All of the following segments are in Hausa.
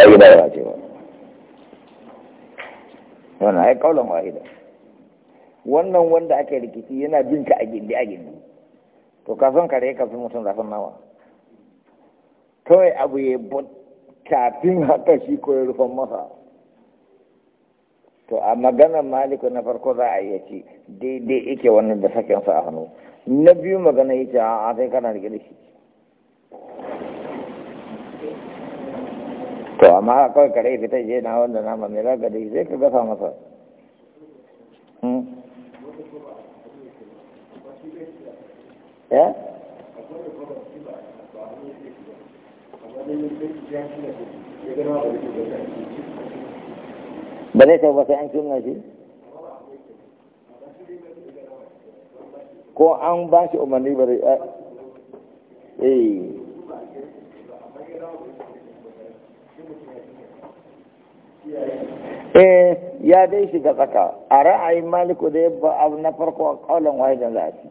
ai ya ce wannan ai kaulan wahida wannan wanda ake rikici yana jin ka a gindi a gindi to kafin kare kafin mutum zafin nawa kawai abu ya kafin haka shi ko ya rufan masa to a maganar maliku na farko za a iya ce daidai yake wannan da sa a hannu na biyu magana yake a sai kana rike da shi to amma kawai kare fita je na wanda na mai za ka dai sai ka gasa masa ya? ba zai sai an kimna shi ko an ba shi umarni ba zai eh eh ya dai shiga tsaka a ra'ayin maliku da ba abu na farko a kaulan wahidan za a ci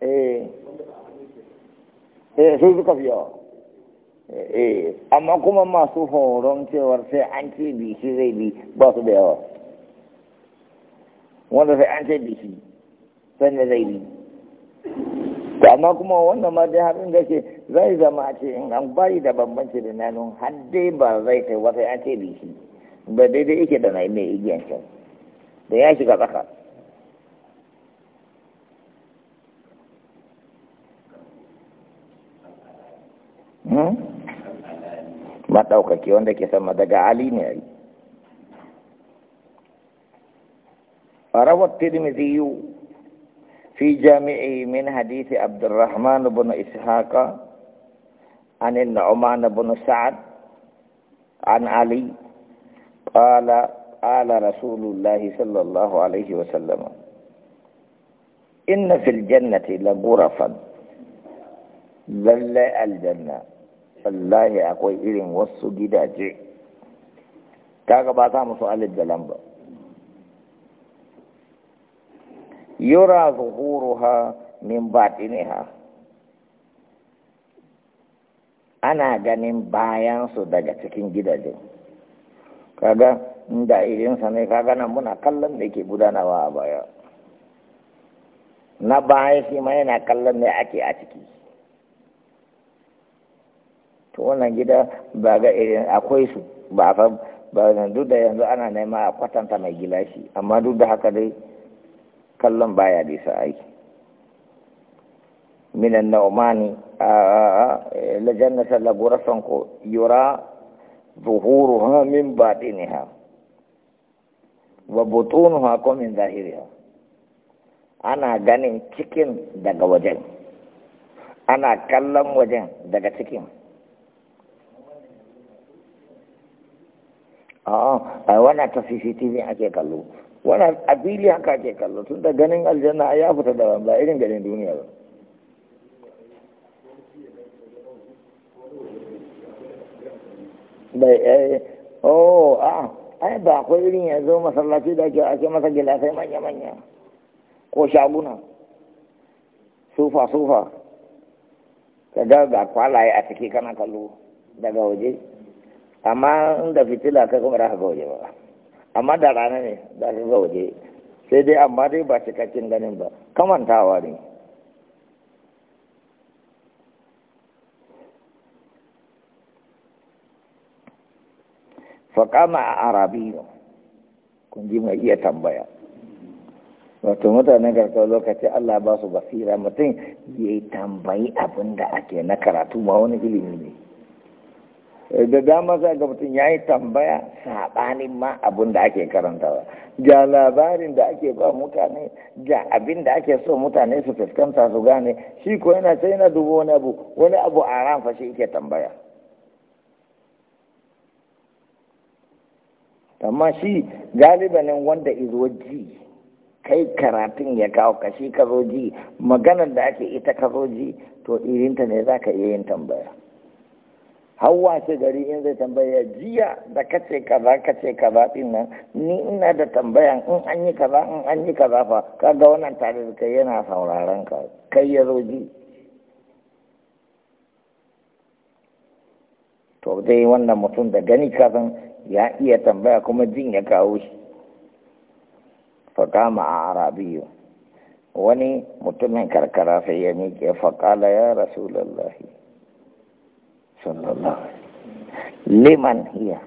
eh eh su suka fi yawa eh amma kuma masu horon cewar sai an ce bishi zai bi ba su da yawa wanda sai an ce bishi sannan zai bi da amma kuma wannan ma dai harin da ke zai zama ce in an bayi da bambanci da nanon har dai ba zai kai wata ya ce bishi ba daidai yake da nai mai igiyan can da ya shiga tsaka hmm? maɗaukaki wanda ke sama daga ali ne a yi rawar tirmidhiyu في جامعه من حديث عبد الرحمن بن إسحاق عن النعمان بن سعد عن علي قال قال رسول الله صلى الله عليه وسلم إن في الجنة لغرفا للا الجنة والله أقوي إذن وصو جداجي كاكباتا مسؤال الجلنبا yura zuhuruha min batiniha ana ganin bayansu daga cikin gidajen kaga inda irinsa ne kaga nan muna kallon da ke gudanawa a baya na baya shi ma yana kallon ne ake a ciki to wannan gida ba ga irin akwai su ba a ba duk da yanzu ana nema a kwatanta mai gilashi amma duk da haka dai kallon baya bisa aiki minan na'umani a lajannatar laburarsan ko yura ha min ha wa ha ko min zahiri ha ana ganin cikin daga wajen ana kallon wajen daga cikin a wana ta cctv ake kallo wannan a fili haka ke kallo tun da ganin aljanna ya fita da ba irin ganin duniya ba bai eh oh a ah, ai ba akwai irin ya zo masallaci da ke ake masa gilasai manya-manya ko shaguna sufa-sufa ka ga ga kwalaye a ciki kana kallo daga waje amma inda fitila kai kuma da haka waje ba amma da rana ne za ka ga sai dai amma dai ba cikakken ganin ba kamantawa ne faƙama a arabiyu kun ji mai iya tambaya wato mutanen karkar lokaci Allah ba su basira mutum ya tambayi abin da ake na karatu ma wani ilimi ne Eh, da dama za ga mutum ya yi tambaya saɓanin ma abin da ake karantawa ga labarin da ake ba mutane ga abin da ake so mutane su fuskanta su gane shi ko yana sai yana dubo wani abu wani abu a ran fashe yake tambaya amma shi galibanin wanda izo ji kai karatun ya kawo kashi ka zo ji maganar da ake ita ka zo ji to irinta ne za ka iya yin tambaya hawa ce gari in zai tambaya jiya da kace kaza kace kaza din ni ina da tambaya in an yi kaza in an yi kaza fa kaga wannan tare da kai yana sauraron ka kai ya zo ji to dai wannan mutum da gani kafin ya iya tambaya kuma jin ya kawo shi fakama a arabiyu wani mutumin karkara sai ya miƙe faƙala ya rasulallahi sallallahu liman hiya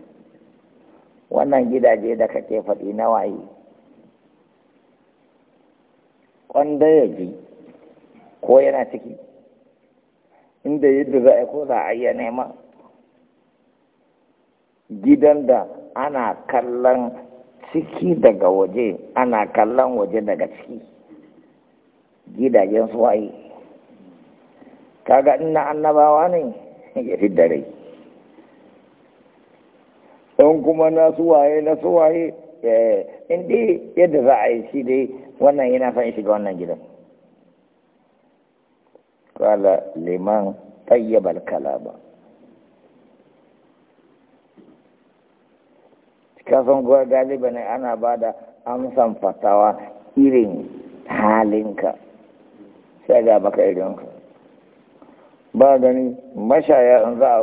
wannan gidaje da kake faɗi na waye wanda ya ji ko yana ciki inda yadda za a ko za a iya nema gidan da ana kallon ciki daga waje ana kallon waje daga ciki gidajen su waye kaga ina annabawa ne ya fi da rai kuma na suwaye na suwaye eh, in yadda za a yi shi dai wannan yana son shiga wannan gidan kala liman tayyabal kalaba kasan kuwa galiba ne ana ba da amsan fatawa irin halinka sai ga baka irinka ba gani mashaya in za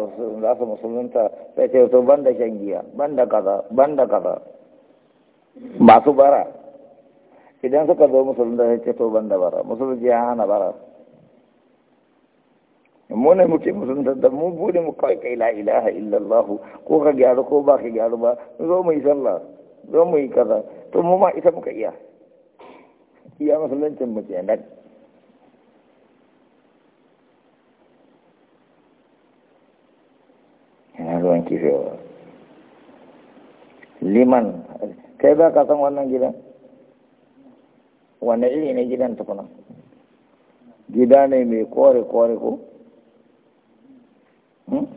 su musulunta sai ce to banda shan giya banda kaza banda kaza masu bara idan suka zo musulunta sai ce to banda bara musulunci ya hana bara mu ne muke musulunta da mu bude mu kawai kai la ilaha illallah ko ka gyaru ko ba ka gyaru ba zo mu yi sallah zo mu yi kaza to mu ma ita muka iya iya musuluncin mu kenan rufewa liman Kaya ba ka san wannan gidan wane iri ne gidan tukuna gida ne may kore-kore ko Hmm?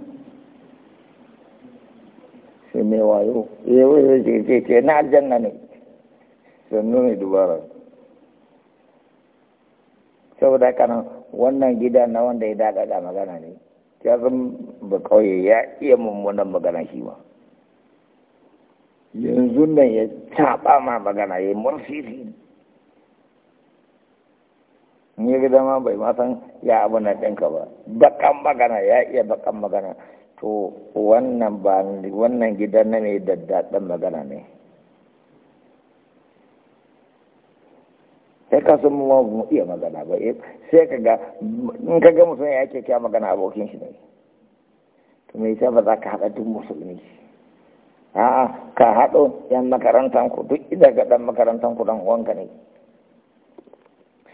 Si may wayo yawon eh, zai ce ce ce na ni. ne nun ay dubara saboda kanan wannan gida na wanda ya gana ni. Hmm? ya ba kauye ya iya mummunan magana shi ba yanzu nan ya taɓa ma magana ya murfifi in ya gida ma bai matan ya abu na ɗinka ba bakan magana ya iya bakan magana to wannan ba wannan gidan na mai daddaɗin magana ne sai ka san mu mu iya magana ba eh, sai ka ga in ka ga musulmi ya ake kya magana abokin shi ne to me yasa ba za ka haɗa duk musulmi a'a ka haɗo yan makarantan ku duk inda ka dan makarantan ku dan uwanka ne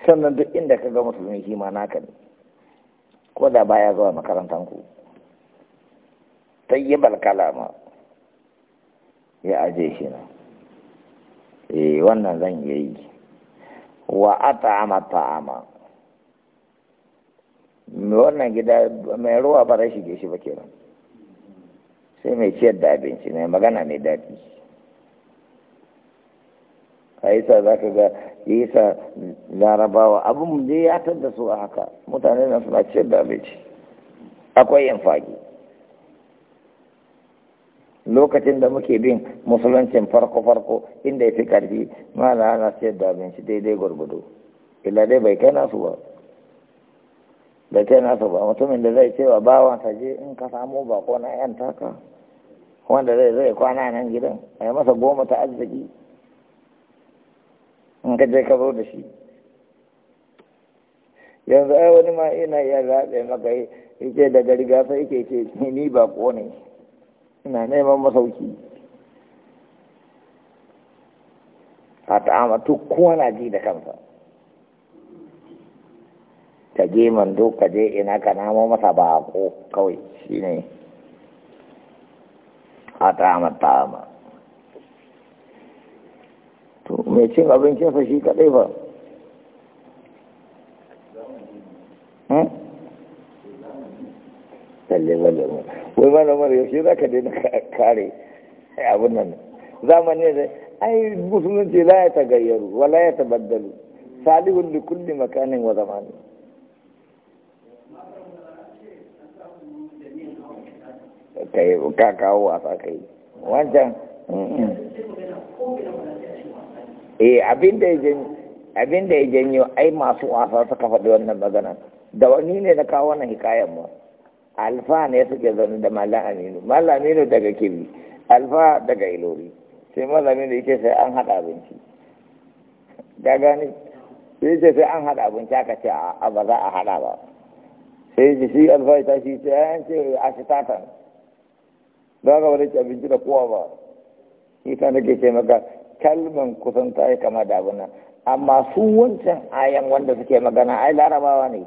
sannan duk inda ka ga musulmi shi ma naka ne ko da baya zuwa makarantan ku tayyibal kalama ya aje shi na eh wannan zan yi wa at'ama ta'ama wannan gida mai ruwa ba da shige shi ba kenan sai mai ciyar da abinci mai magana mai daɗi isa za ka ga isa larabawa abin da ya tar da su a haka mutane na suna ciyar da abinci akwai yin fagi lokacin da muke bin musuluncin farko-farko inda ya fi ƙarfi mala ana siyar da abinci daidai gwargwado illa dai bai kai nasu ba bai kai nasu ba mutumin da zai cewa bawan ta je in ka samu bako na yan taka wanda zai zai kwana nan gidan a yi masa goma ta arziki in ka je ka zo da shi yanzu ai wani ma ina iya zaɓe maka yi ce daga gasa yake ke ce ni bako ne ina neman masauki a to kowa na ji da kansa ka je mando ka je ina ka namo masa bako kawai ne a ta'amar ta'ama to mai cin abincinsa shi kaɗai ba hmm? lalle lalle wai malamar shi za ka na kare abin nan zamani da ai musulunci la ya tagayyaru wa la ya tabaddalu salihun li kulli makanin wa zamani kai ka kawo wasa kai wancan eh abin da ya janyo abin ya janyo ai masu wasa suka faɗi wannan magana da wani ne na kawo wannan hikayar mu alfa ne suke zaune da mallan aminu mallan aminu daga kiri, alfa daga ilori sai mallan aminu yake sai an haɗa abinci ga gani sai ce sai an haɗa abinci aka ce a ba za a haɗa ba sai ce shi alfa ya tashi sai an ce a shi tatan za ka wani abinci da kowa ba ita nake ce maka kalman kusan ta yi kama da abu nan amma su wancan ayan wanda suke magana ai larabawa ne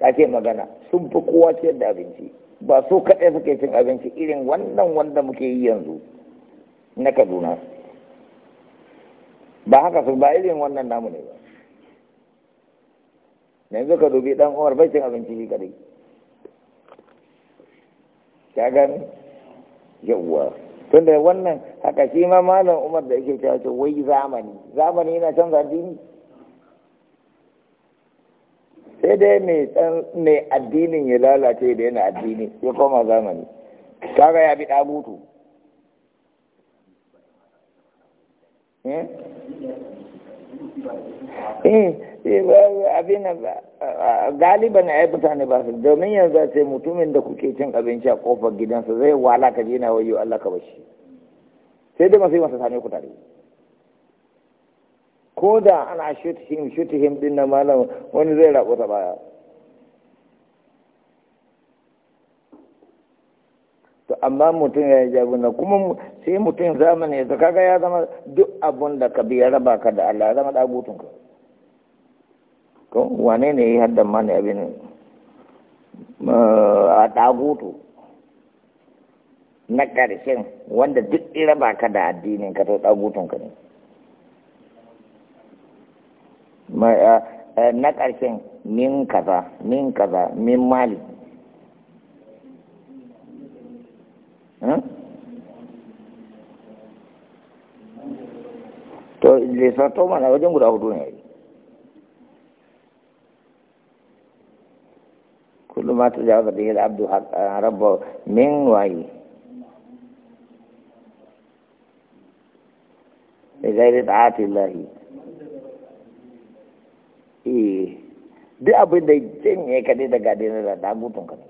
ce magana sun fi kowa ciyar da abinci ba su kaɗai suke cin abinci irin wannan wanda muke yi yanzu na kaduna ba haka su ba irin wannan namu ne ba yanzu ka dubi ɗan umar bai cin abinci shi kadai ya gani yawwa tun da wannan haka shi ma malam umar da yake cewa wai zamani zamani yana canza addini sai dai mai addinin ya lalace da yana addini ya koma zamani kaga ya bi ɗabutu eh? eh, eh, abin galiban ya mutane ba su domin yanzu ce mutumin da kuke cin abinci a kofar gidansa zai wala ka je na wayo Allah ka bashi sai dai masu yi masa sami ku ko da ana shutihim shutihim din na malam wani zai rabu ta baya to amma mutum ya yi jaguna kuma sai mutum zamani ya kaga ya zama duk abun da ka biya raba ka da Allah ya zama dagutun ka ko wane ne ya haddan mani abin a dagutu na ƙarshen wanda duk raba ka da addinin ka to dagutun ka ne Eh, eh, na ƙarshen min kaza min kaza min mali hmm? to lissato mana wajen guda hudu ne kullum ma ta jawo da yadda abdu eh, rabba min waye da gairi ta'atillahi Eh, duk abin da janye ka dai daga dai da dagutun ka ne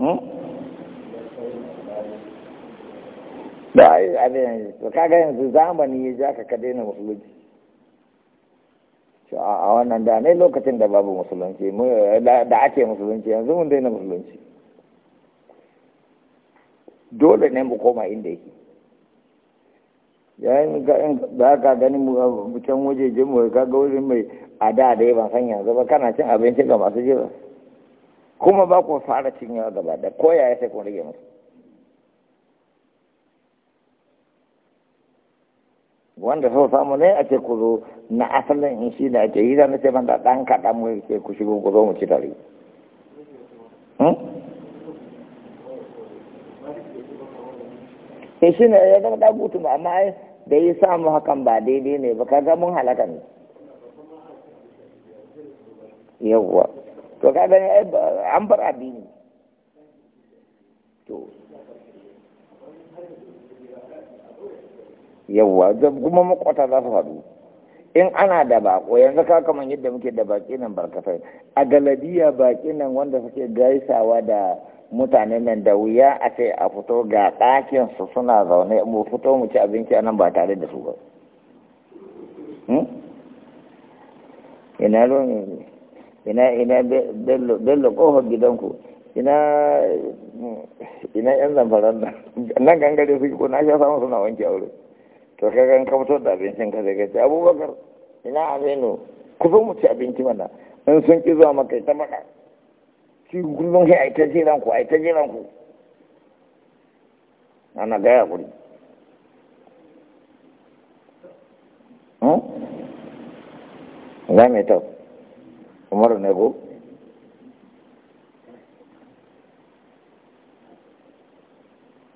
hmm? da abin yanzu kaga yanzu zamani ya ja ka ka daina musulunci a wannan da ne lokacin da babu musulunci da ake musulunci yanzu mun daina musulunci dole ne mu koma inda yake yayin da ka gani uh, can wajejen mu ka ga wajen mai a da da ban san yanzu ba kana cin abinci ga masu jira kuma ba ku fara cin yawa gaba da koya ya sai kun rage musu wanda sau samu ne a ce ku zo na asalin in shi da ake yi zan ce ban da ɗan kaɗan mu ce ku shigo ku zo mu ci tare in hmm? eh, shi ne ya zama ɗagutu ba amma da ya samu hakan ba daidai ne ba kaga mun halaka ne yawwa to kaga ne an bar addini to yawwa kuma makwata za su haɗu in ana da bako yanzu ka kamar yadda muke da baki nan barkatai a galadiya baki nan wanda suke gaisawa da mutanen nan da wuya a ce a fito ga ɗakin su suna zaune mu fito mu ci abinci a nan ba tare da su ba hmm? ina ruwan ina ina bello ƙofar gidanku ina ina yan zamfaran nan nan gangare su ko na sha samu suna wanke aure to ka kan ka fito da abincin ka sai ka ce abubakar ina aminu ku zo mu ci abinci mana in sun ki zuwa maka ta maka shi kullum sai a yi ta jiran ku a yi ta jiran ku ana gaya kuri hmm? za mai tau umaru ne ko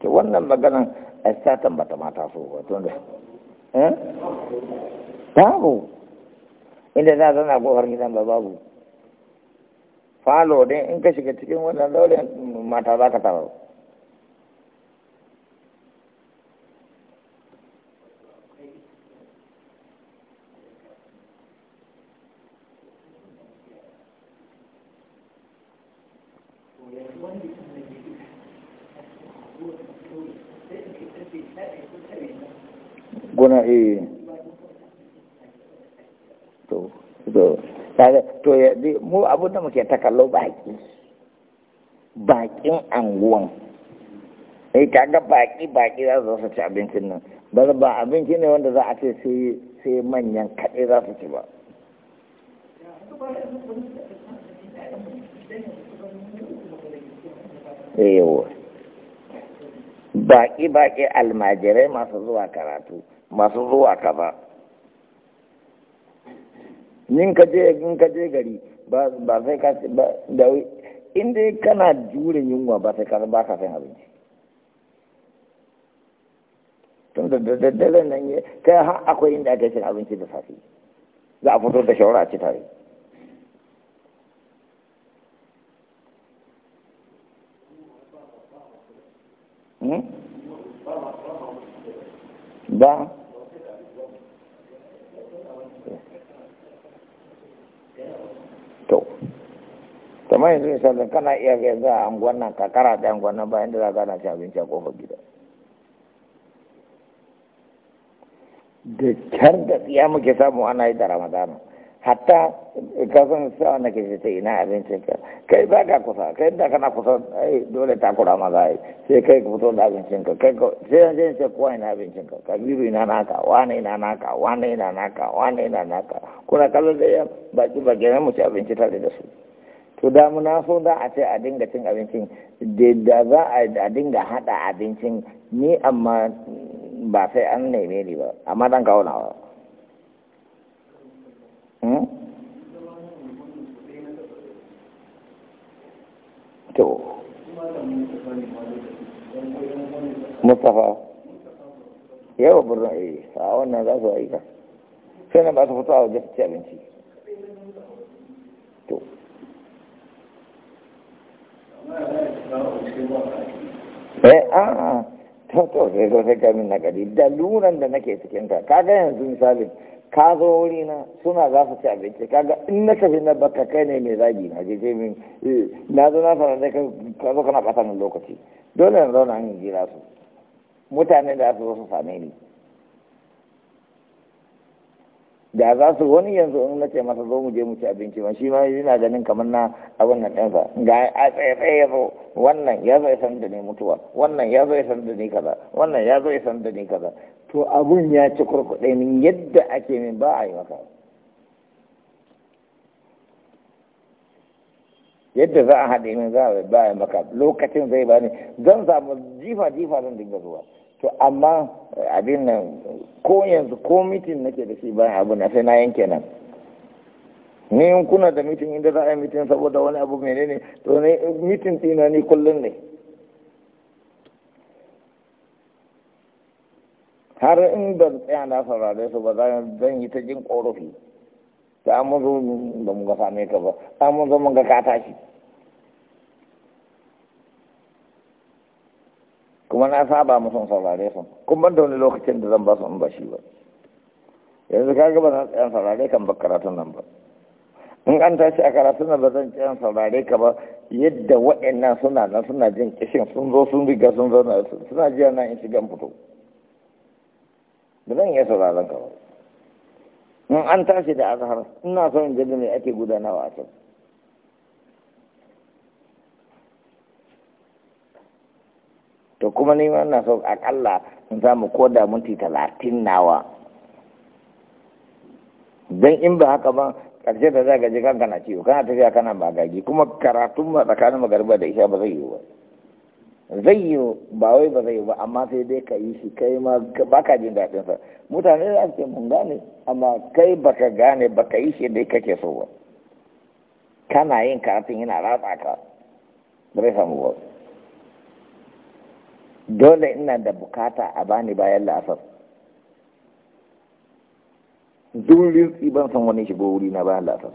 ke wannan maganan a satan bata mata so ba tun da eh? babu inda za zana kofar gidan ba babu falo dai in ka shiga cikin wannan daurin mata za ka taro eh. to to to ya mu abu da muke ta kallo baki bakin anguwan eh kaga baki baki za su ci abincin nan ba ba abinci ne wanda za a ce sai sai manyan kaɗai za su ci ba baƙi-baƙi almajirai masu zuwa karatu masu zuwa kaba. in ka je in ka je gari ba ba sai ka da inda kana jure yunwa ba sai ka ba ka san abinci tun da da nan ne kai har akwai inda ake cin abinci da safi za a fito da shawara a ci tare hmm? da to kamar yanzu misalin kana iya ga yanzu a anguwan nan kakara da anguwan nan bayan da za ka na ci abinci a kofar gida da kyar da tsiya muke samu ana yi da ramadana hatta kasan sa wanda ke ce ina abincin ka kai ba ka kusa kai da kana kusa ai dole ta kura maza ai sai kai ka fito da abincin ka kai ka sai an je sai kowa ina abincin ka kabiru ina naka wani ina naka wani ina naka wani ina naka kuna kallo da ya baki baki na mu ci abinci tare da su to da na so da a ce a dinga cin abincin da za a dinga hada abincin ni amma ba sai an neme ni ba amma dan kawo nawa to mustafa yawa birnin eh a wannan za su aika sai na ba su fito a waje su ci abinci to eh a to to sai zo sai kamin na gari da luran da nake cikin ka kaga yanzu misalin ka zo wuri na suna za su ci abinci kaga in na tafi na baka kai ne mai zagi na je min eh, na zo na fara da ka zo kana bata min lokaci dole na zauna an jira su mutane da su zo su same ni da za su wani yanzu in na ce masa zo mu je mu ci abinci ma shi ma yana ganin kamar na abin nan ɗansa ga a tsaye tsaye ya zo wannan ya zo ya san da ni mutuwa wannan ya zo ya san da ni kaza wannan ya zo ya san da ni kaza to abun ya ci kurkuɗe min yadda ake min ba a yi maka yadda za a haɗe min za a ba a yi maka lokacin zai bani zan samu jifa jifa zan dinga zuwa to amma abin nan ko yanzu ko mitin nake da shi bayan abu na sai na yanke nan ni in kuna da mitin inda za a yi mitin saboda wani abu menene to ne mitin dina ni kullum ne har in ban tsaya na saurare su ba zan yi ta jin ƙorafi ta amma zo ba mu ga same ka ba amma zo mun ga ka tashi kuma na saba musu saurare sun kun ban da wani lokacin da zan ba su in ba shi ba yanzu ka gaba na tsayan saurare kan bar karatun nan ba in an tashi a karatun nan ba zan tsayan saurare ka ba yadda waɗannan suna nan suna jin kishin sun zo sun riga sun zo na suna jiya nan in shigan fito ba zan iya sauraren ka ba in an tashi da azhar ina son jirgin me ake gudanawa a can to kuma ni ma na so akalla in samu ko da minti talatin nawa don in ba haka ba ƙarshe da za ka je kanka na ciwo kana tafiya kana magagi kuma karatun ma tsakanin magariba da isha ba zai yiwu ba zai yiwu ba wai ba zai yiwu ba amma sai dai ka yi shi kai ma ba ka jin daɗin sa mutane za su ce mun gane amma kai ba ka gane ba ka yi shi dai kake so ba kana yin karatun yana ratsa ka ba zai samu ba dole ina da bukata a bani bayan la'asar durin ban san wani shigo wuri na bayan la'asar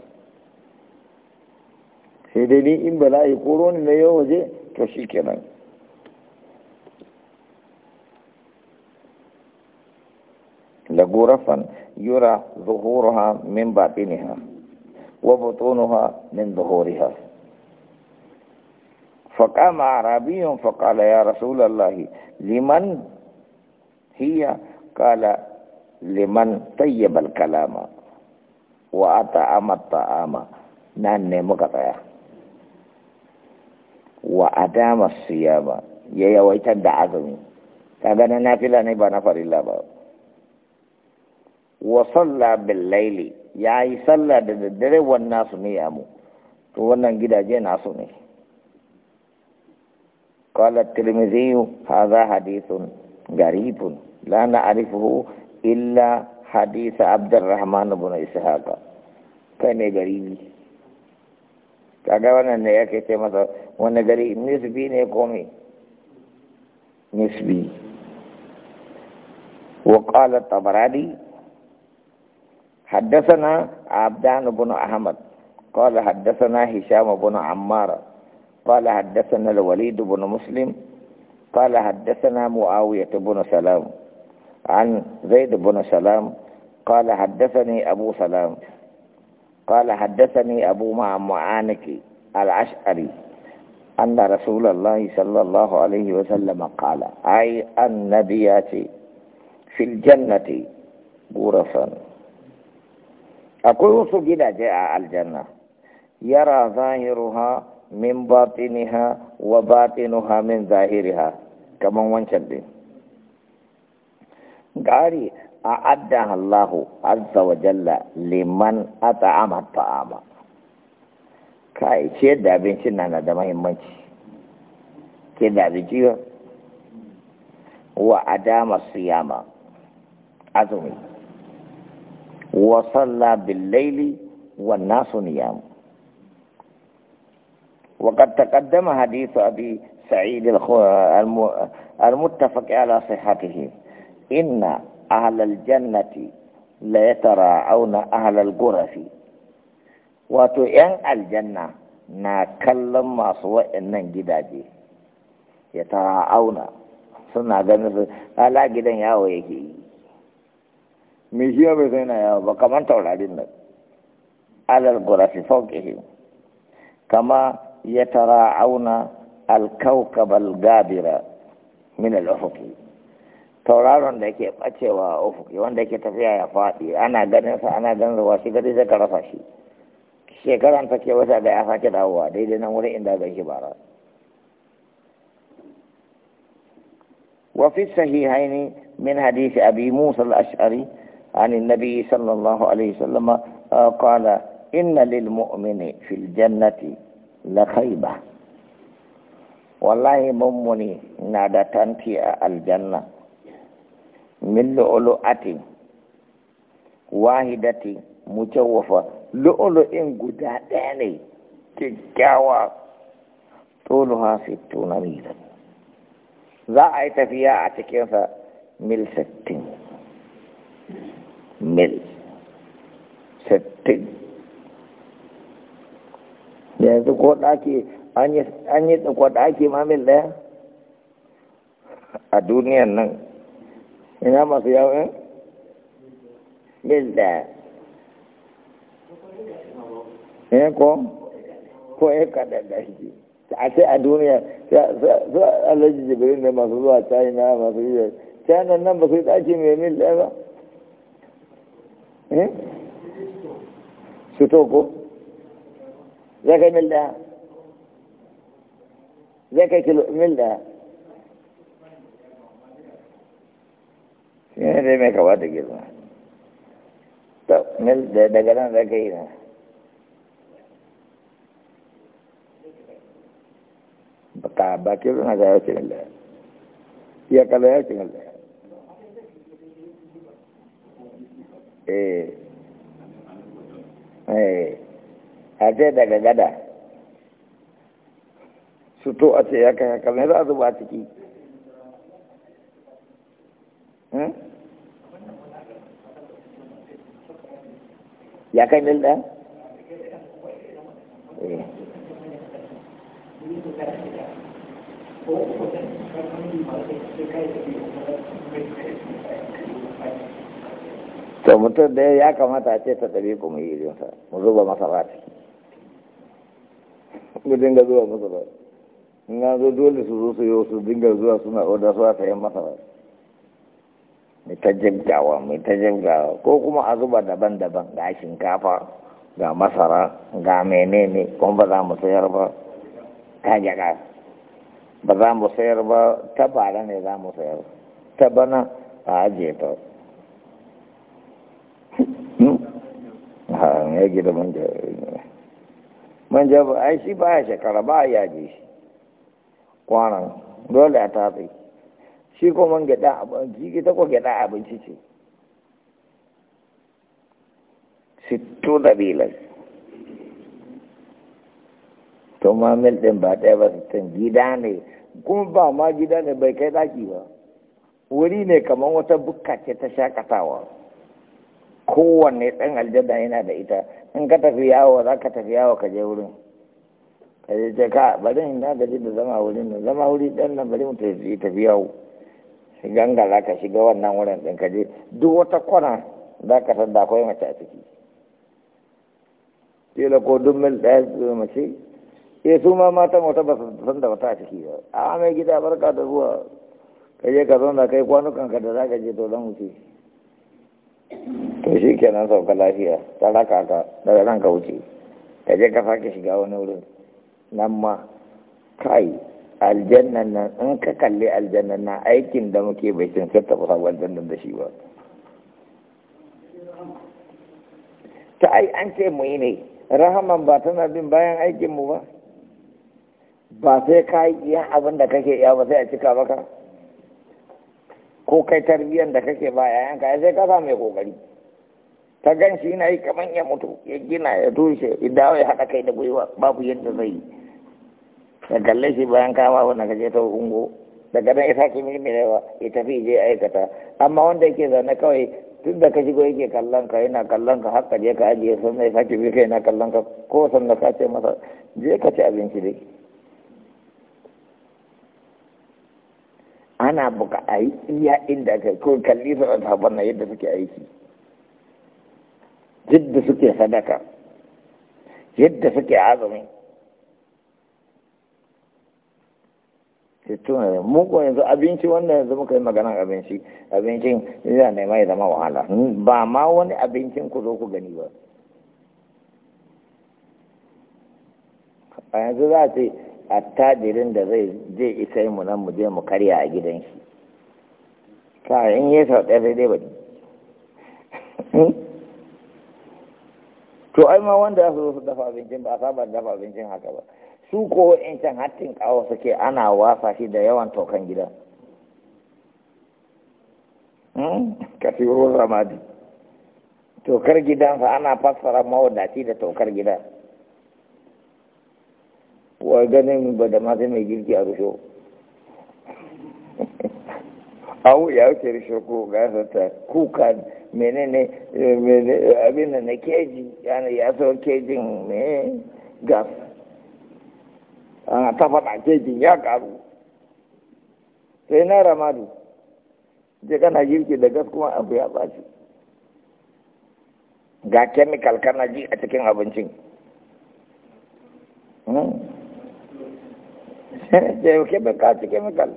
sai dai ni in bala'i koro ni na yau waje to shi kenan لغرفا يرى ظهورها من wa وبطونها min ظهورها فقام أعرابي فقال يا رسول الله لمن هي قال لمن طيب الكلام وأطعم الطعام نان مقطع وأدام الصيام يا يا دا عزمي كان نافلة نبا نفر الله وصلى بالليل يا يصلى بالدري والناس نيامو تو ونن جدا nasu ne قال الترمذي هذا حديث غريب لا نعرفه إلا حديث عبد الرحمن بن إسحاق كان غريب كذا wannan ne yake وانا غريب نسبي نقومي نسبي وقال الطبراني حدثنا عبدان بن أحمد قال حدثنا هشام بن عمار قال حدثنا الوليد بن مسلم قال حدثنا معاوية بن سلام عن زيد بن سلام قال حدثني أبو سلام قال حدثني أبو معانك العشعري أن رسول الله صلى الله عليه وسلم قال أي النبيات في الجنة غرفا أقول سجد جاء الجنة يرى ظاهرها min batiniha wa batinuha min zahiriha kaman wancan din gari a adda Allahu azza wa jalla liman at'ama ta'ama kai ce da abincin na da muhimmanci ke da rijiya wa adama siyama azumi wa salla bil laili wa nasu niyamu وقد تقدم حديث أبي سعيد المتفق على صحته إن أهل الجنة لا يتراعون أهل القرف وتؤن الجنة نا كلم ما سوى ان جداجي يتراعون سنة جنر ألا جدا يا ويكي ميشيا بسينا يا وكمان تولى على القرف فوقهم كما يتراعون الكوكب الغابر من الأفق توراون ده كي أتشوا أفقي وان ده كي تفيا يا أنا جنس أنا جنس واسي كذي ذكر فاشي شكران فكي وسا ده أفا كي دعوة دي دي نموري إن ده بارا وفي الصحيحين من حديث أبي موسى الأشعري عن النبي صلى الله عليه وسلم آه، قال إن للمؤمن في الجنة na khaiba wallahi muni na da tanti a aljanna min lu'lu'atin wahidati mujawwafa lu'lu'in guda ɗaya ne kyakkyawa tuluha sittuna milan za a yi tafiya a cikinsa mil sittin mil sittin yanzu ko ɗaki an yi tsakwa ɗaki mamil ɗaya a duniyan nan ina masu yawon eh? mil ɗaya ne eh, ko ko ya kaɗa da shi a ce a duniya su alaji jibirin da masu zuwa china masu yi china nan ba su yi ɗaki mai mil ɗaya ba eh? su toko? ذاك ملة ذاك ملة شنو ده ما كواد كيلو طب مل ده ده كلام ذاك هنا بقى باكي لنا جاي شنو يا كلام ايه ايه a je daga gada su to a ce ya kai haka mai za a zuba ciki hmm? ya kai mil ɗan? Eh. to mutum da ya kamata ce ta tabi kuma yi mu zuba masa ba ciki ku dinga zuwa masa ba in na zo dole su zo su yi su dinga zuwa suna oda su a sayan masa ba mai ta jibgawa mai ta jibgawa ko kuma a zuba daban-daban ga shinkafa ga masara ga menene kuma ba za mu sayar ba ta jaga ba za mu sayar ba ta bara ne za mu sayar ta bana a ajiye ta hmm? ha ya gida ban manja ba ai shi ba ya shekara ba ya ji shi kwanan dole a tafi shi ko man gyaɗa abinci ta ko gyaɗa abinci ce sittu da bilas to ma mil ɗin ba ɗaya ba sittin gida ne kuma ba ma gida ne bai kai daki ba wuri ne kamar wata bukka ce ta shakatawa kowanne ɗan aljada yana da ita in ka tafi yawo za ka tafi yawo ka je wurin ka je ce ka bari in na gaji da zama wurin nan zama wuri ɗan nan bari mu tafi tafi yawo ganga za ka shiga wannan wurin ɗin ka je duk wata kwana za ka san da akwai mace a ciki kila ko duk mil ɗaya su mace ya eh, su ma matan wata ba su san da wata a ciki ba a mai gida barka da zuwa ka je ka zauna kai kwanukan ka da za ka je to zan wuce to shi kenan sauka lafiya ta raka ka daga nan ka wuce ka je ka sake shiga wani wurin nan ma kai aljannan nan in ka kalli aljannan na aikin da muke bai cancanta ba sabon aljannan da shi ba ta ai an ce mu yi ne rahaman ba tana bin bayan aikinmu ba ba sai ka yi iya abin da kake iya ba sai a cika maka ko kai tarbiyyar da kake ba yayanka ya sai kasa mai kokari ta gan shi na yi kamar ya mutu ya gina ya tushe idawa ya haɗa kai da gwiwa babu yadda zai yi ya kalle shi bayan kama ka kaje ta ungo daga nan ya sake yawa ya tafi je aikata amma wanda yake zaune kawai tun da ka shigo yake kallon ka yana kallon ka har ka je ka ajiye sun mai sake bi kai na kallon ka ko sannan ka ce masa je ka ci abinci dai ana buka a yi iya inda aka ko kalli su da na yadda suke aiki yadda suke sadaka yadda suke azumi eh, tuna da muku yanzu abinci wanda yanzu muka yi maganar abinci abincin yana da mai zama wahala ba ma wani abincin ku zo ku gani ba a yanzu za a ce attajirin da zai je isai mu nan mu je mu karya a gidan shi ta in yi sau ɗaya sai dai ba to ai ma wanda su su dafa abincin ba a saba dafa abincin haka ba su ko in can hattin kawo suke ana wasa shi da yawan tokan gidan ruwan hmm? ramadi tokar gidansa ana fassara mawadaci da tokar gidan wa ganin ba da mata mai girki a rushe awu ya wuce rushe ko gasar ta kuka menene abin na keji yana ya so kejin ne gas ana ta faɗa kejin ya karu. sai na ramadu je kana girki da gas kuma abu ya ɓaci ga kemikal kana ji a cikin abincin hmm? kemikal. chemical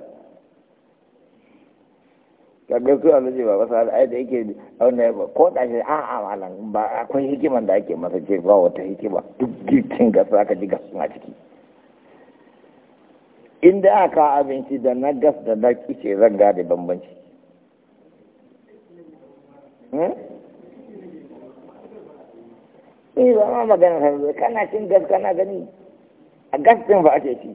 kaga da yake auna ba ko da a a ba akwai hikiman da ake masa ce ba wata hikima duk gasa aka ji a ciki abinci da na gas hmm? ma magana kana cin gas kana gani a gas ɗin ba ake ci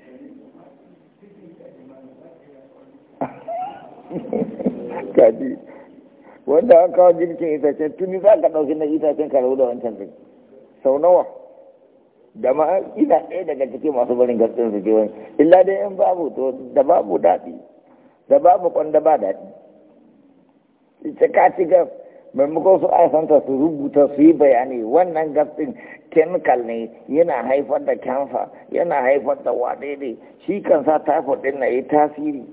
kaji wanda an kawo jirgin itace tuni za ka ɗauki na itacen karo da wancan zai sau nawa da ma ina ɗaya daga ciki masu barin gaskiyar su ke wani illa dai yan babu to da babu daɗi da babu kwanda ba daɗi ita ka ci gaf maimakon su aisanta su rubuta su yi bayani wannan gasin kemikal ne yana haifar da kansa yana haifar da wadai ne shi kansa typhoid ɗin na yi tasiri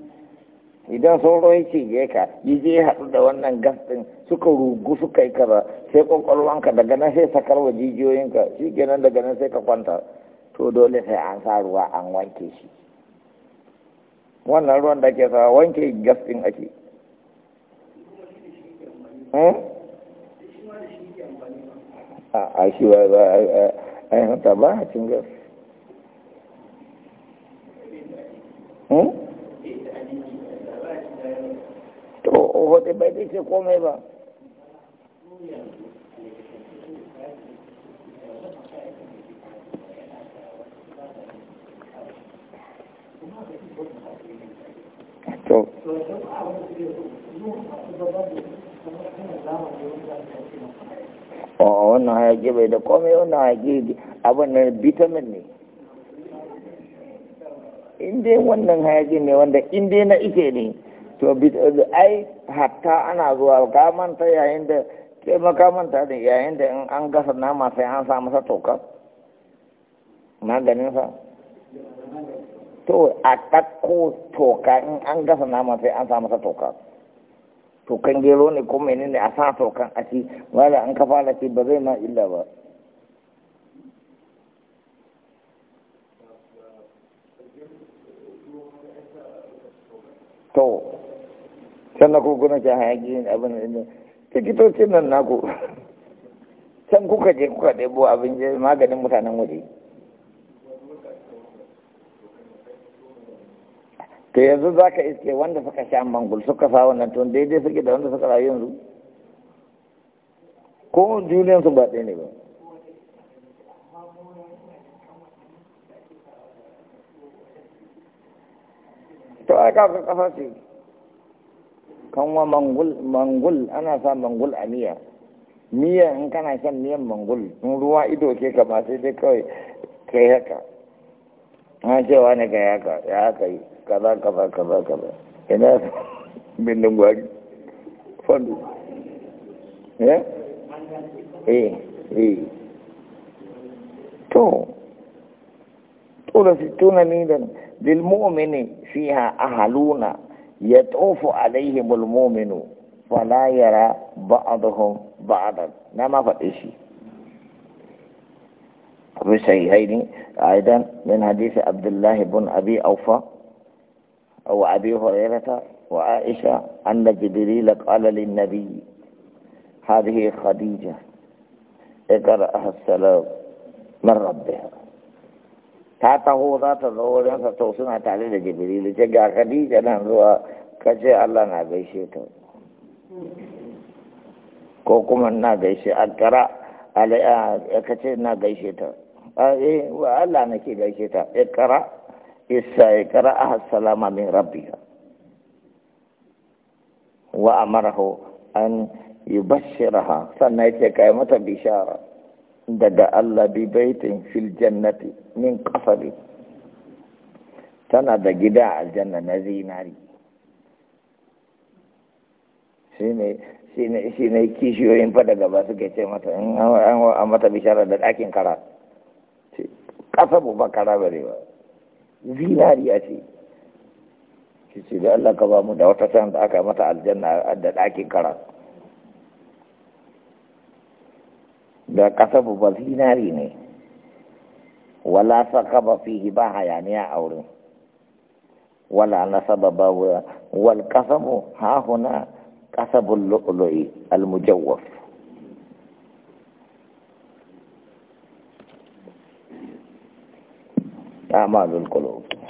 idan sauran ya cije ka yi je haɗu da wannan gas ɗin suka rugu suka yi kaza sai ƙwaƙwalwanka daga nan sai sakar wa jijiyoyinka shi kenan daga nan sai ka kwanta to dole sai an sa ruwa an wanke shi wannan ruwan da ke sa wanke gas ɗin ake a shi ba a yi hanta ba a cin gas to होते bai से कौन komai ba to wannan hayaki bai da komai wannan in dai wannan na ike ne to ai hatta ana zuwa ka manta yayin da ke maka manta da yayin da in an gasa nama sai an sa masa toka maganin sa to a tako toka in an gasa nama sai an sa masa toka tokan gero ne ko menene a sa tokan a ci wala an kafa da ce ba zai ma illa ba to sannan ko kuna can hayaki abin da tikitocin nan naku can kuka je kuka ɗebo abin je maganin mutanen waje to yanzu za ka iske wanda suka sha mangul suka sa wannan tun daidai suke da wanda suka rayu yanzu ko junansu ba ɗaya ne ba to kafin kafa ce kanwa mangul mangul ana sa mangul a miya miya in kana shan miyan mangul in ruwa ido ke ka ba sai dai kawai kai haka an cewa ne ga haka ya haka yi kaza kaza kaza kaza ina da gwari fadu ya eh? eh eh to to da fituna ni da lil mu'mini fiha ahaluna يطوف عليهم المؤمن فلا يرى بعضهم بعضا نما فتشي في الصحيحين أيضا من حديث عبد الله بن أبي أوفى أو أبي هريرة وعائشة أن جبريل قال للنبي هذه خديجة اقرأها السلام من ربها ta taho za ta zo sa to suna tare da jibrilu ce ga khadija nan zuwa ka ce allah na gaishe ta ko kuma na gaishe a kara ka ce na gaishe ta eh wa allah na ke gaishe ta ya isa ya assalamu a salama min rabbika wa amarahu an yubashiraha sannan ya ce kai mata bishara daga Allah bi baitin fil jannati min kafari tana da gida a aljanna na zinari shi ne kishiyoyin fada gaba suke ce mata in an mata bishara da ɗakin kara ƙasa bu ba kara bare ba zinari a ce shi ce da Allah ka ba mu da wata san da aka mata aljanna da ɗakin kara da kasabu ba zinari ne wala saka ba fihi ba hayaniya a wurin wala nasaba ba wal kasabu ha huna kasabun lu'lu'i al-mujawwaf أعمال القلوب